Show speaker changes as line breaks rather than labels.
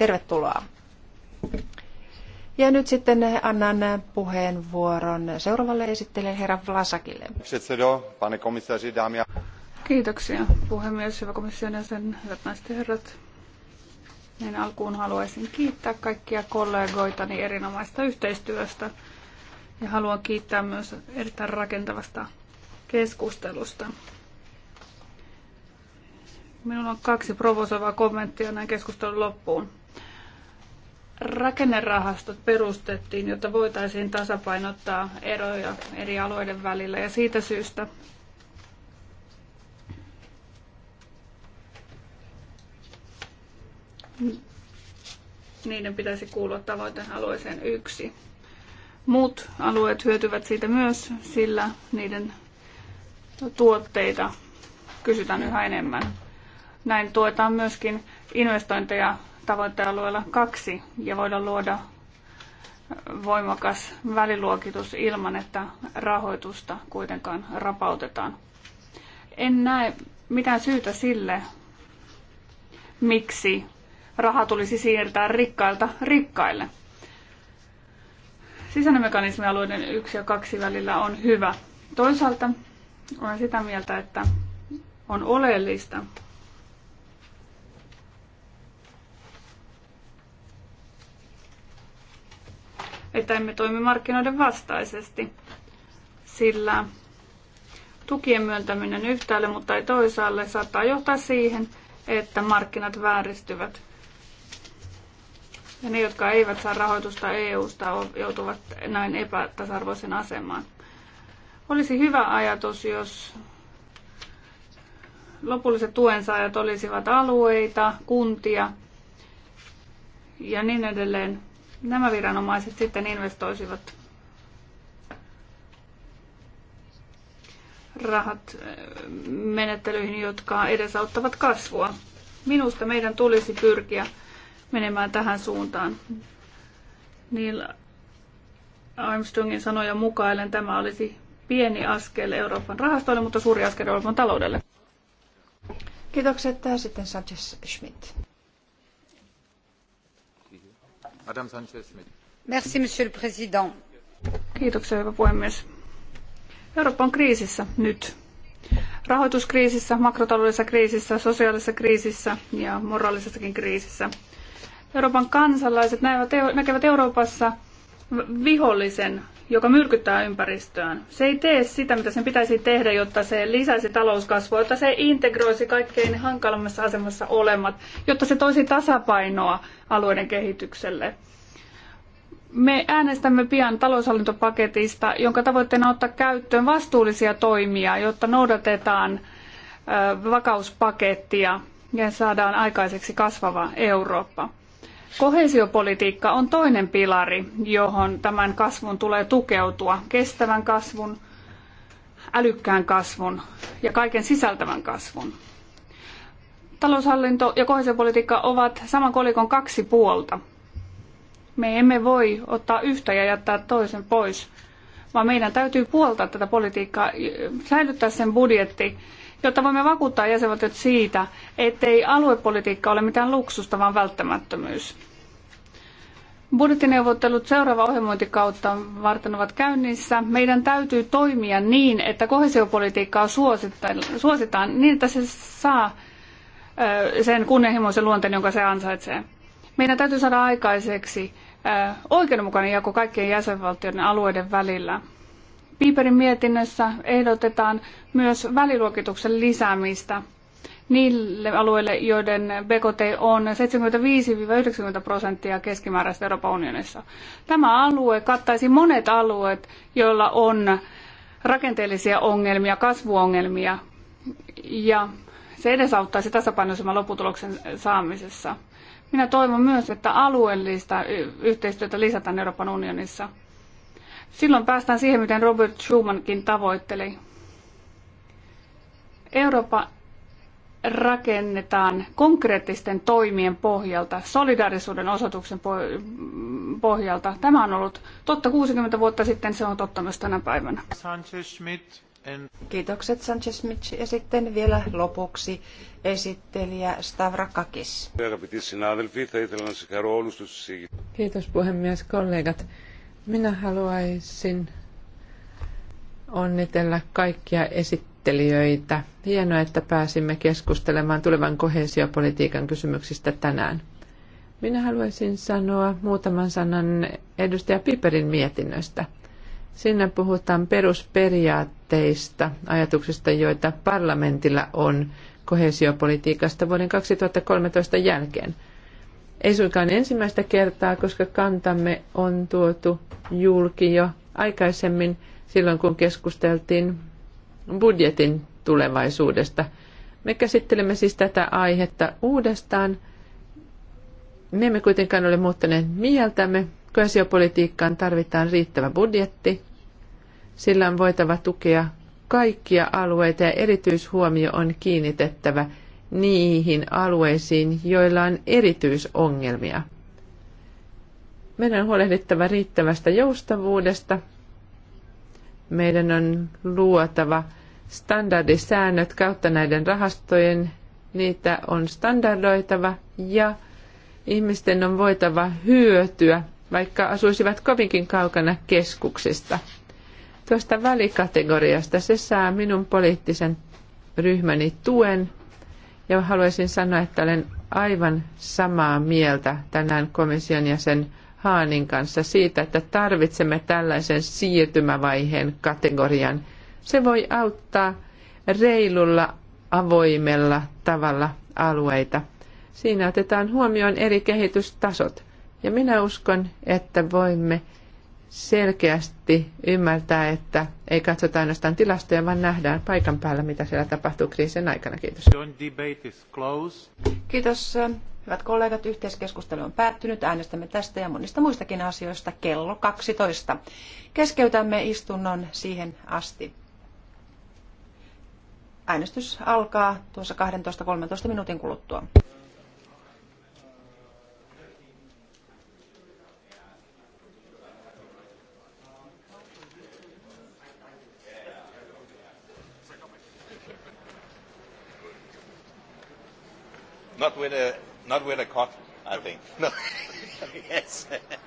Tervetuloa. Ja nyt sitten annan puheenvuoron seuraavalle esittelijälle herra Vlasakille. Kiitoksia puhemies, hyvä komission jäsen, hyvät naiset ja herrat. Niin alkuun haluaisin kiittää kaikkia kollegoitani erinomaista yhteistyöstä ja haluan kiittää myös erittäin rakentavasta keskustelusta. Minulla on kaksi provosoivaa kommenttia näin keskustelun loppuun. Rakennerahastot perustettiin, jotta voitaisiin tasapainottaa eroja eri alueiden välillä ja siitä syystä niiden pitäisi kuulua tavoitealueeseen yksi. Muut alueet hyötyvät siitä myös, sillä niiden tuotteita kysytään yhä enemmän. Näin tuetaan myöskin investointeja tavoitealueella kaksi ja voidaan luoda voimakas väliluokitus ilman, että rahoitusta kuitenkaan rapautetaan. En näe mitään syytä sille, miksi raha tulisi siirtää rikkailta rikkaille. Sisäinen mekanismi 1 ja 2 välillä on hyvä. Toisaalta olen sitä mieltä, että on oleellista, että emme toimi markkinoiden vastaisesti, sillä tukien myöntäminen yhtäälle, mutta ei toisaalle, saattaa johtaa siihen, että markkinat vääristyvät. Ja ne, jotka eivät saa rahoitusta EU-sta, joutuvat näin epätasarvoisen asemaan. Olisi hyvä ajatus, jos lopulliset tuensaajat olisivat alueita, kuntia ja niin edelleen, nämä viranomaiset sitten investoisivat rahat eh, menettelyihin, jotka edesauttavat kasvua. Minusta meidän tulisi pyrkiä menemään tähän suuntaan. Neil Armstrongin sanoja mukaillen tämä olisi pieni askel Euroopan rahastoille, mutta suuri askel Euroopan taloudelle. Kiitokset. Sitten Sanchez Schmidt
monsieur
le président hyvä puhemies. Eurooppa on kriisissä nyt. Rahoituskriisissä, makrotaloudellisessa kriisissä, sosiaalisessa kriisissä ja moraalisessakin kriisissä. Euroopan kansalaiset näkevät Euroopassa vihollisen joka myrkyttää ympäristöään. Se ei tee sitä, mitä sen pitäisi tehdä, jotta se lisäisi talouskasvua, jotta se integroisi kaikkein hankalammassa asemassa olemat, jotta se toisi tasapainoa alueiden kehitykselle. Me äänestämme pian taloushallintopaketista, jonka tavoitteena on ottaa käyttöön vastuullisia toimia, jotta noudatetaan vakauspakettia ja saadaan aikaiseksi kasvava Eurooppa. Koheesiopolitiikka on toinen pilari, johon tämän kasvun tulee tukeutua. Kestävän kasvun, älykkään kasvun ja kaiken sisältävän kasvun. Taloushallinto ja koheesiopolitiikka ovat saman kolikon kaksi puolta. Me emme voi ottaa yhtä ja jättää toisen pois, vaan meidän täytyy puoltaa tätä politiikkaa, säilyttää sen budjetti jotta voimme vakuuttaa jäsenvaltiot siitä, ettei aluepolitiikka ole mitään luksusta, vaan välttämättömyys. Budjettineuvottelut seuraava ohjelmointikautta varten ovat käynnissä. Meidän täytyy toimia niin, että kohesiopolitiikkaa suositaan niin, että se saa sen kunnianhimoisen luonteen, jonka se ansaitsee. Meidän täytyy saada aikaiseksi oikeudenmukainen jako kaikkien jäsenvaltioiden alueiden välillä. Piperin mietinnössä ehdotetaan myös väliluokituksen lisäämistä niille alueille, joiden BKT on 75-90 prosenttia keskimääräistä Euroopan unionissa. Tämä alue kattaisi monet alueet, joilla on rakenteellisia ongelmia, kasvuongelmia, ja se edesauttaisi tasapainoisemman lopputuloksen saamisessa. Minä toivon myös, että alueellista yhteistyötä lisätään Euroopan unionissa – Silloin päästään siihen, miten Robert Schumannkin tavoitteli. Eurooppa rakennetaan konkreettisten toimien pohjalta, solidaarisuuden osoituksen pohjalta. Tämä on ollut totta 60 vuotta sitten, se on totta myös tänä päivänä. Kiitokset Sanchez Smith ja sitten vielä
lopuksi esittelijä Stavrakakis. Kiitos puhemies kollegat. Minä haluaisin onnitella kaikkia esittelijöitä. Hienoa, että pääsimme keskustelemaan tulevan kohesiopolitiikan kysymyksistä tänään. Minä haluaisin sanoa muutaman sanan edustaja Piperin mietinnöstä. Siinä puhutaan perusperiaatteista, ajatuksista, joita parlamentilla on kohesiopolitiikasta vuoden 2013 jälkeen – ei suinkaan ensimmäistä kertaa, koska kantamme on tuotu julki jo aikaisemmin silloin, kun keskusteltiin budjetin tulevaisuudesta. Me käsittelemme siis tätä aihetta uudestaan. Me emme kuitenkaan ole muuttaneet mieltämme. Koesiopolitiikkaan tarvitaan riittävä budjetti. Sillä on voitava tukea kaikkia alueita ja erityishuomio on kiinnitettävä niihin alueisiin, joilla on erityisongelmia. Meidän on huolehdittava riittävästä joustavuudesta. Meidän on luotava standardisäännöt kautta näiden rahastojen. Niitä on standardoitava ja ihmisten on voitava hyötyä, vaikka asuisivat kovinkin kaukana keskuksista. Tuosta välikategoriasta se saa minun poliittisen ryhmäni tuen ja haluaisin sanoa, että olen aivan samaa mieltä tänään komission jäsen Haanin kanssa siitä, että tarvitsemme tällaisen siirtymävaiheen kategorian. Se voi auttaa reilulla, avoimella tavalla alueita. Siinä otetaan huomioon eri kehitystasot. Ja minä uskon, että voimme selkeästi ymmärtää, että ei katsota ainoastaan tilastoja, vaan nähdään paikan päällä, mitä siellä tapahtuu kriisin aikana. Kiitos. Kiitos. Hyvät kollegat, yhteiskeskustelu on
päättynyt. Äänestämme tästä ja monista muistakin asioista kello 12. Keskeytämme istunnon siihen asti. Äänestys alkaa tuossa 12-13 minuutin kuluttua.
Not with a, not with a cot, I think. No. yes.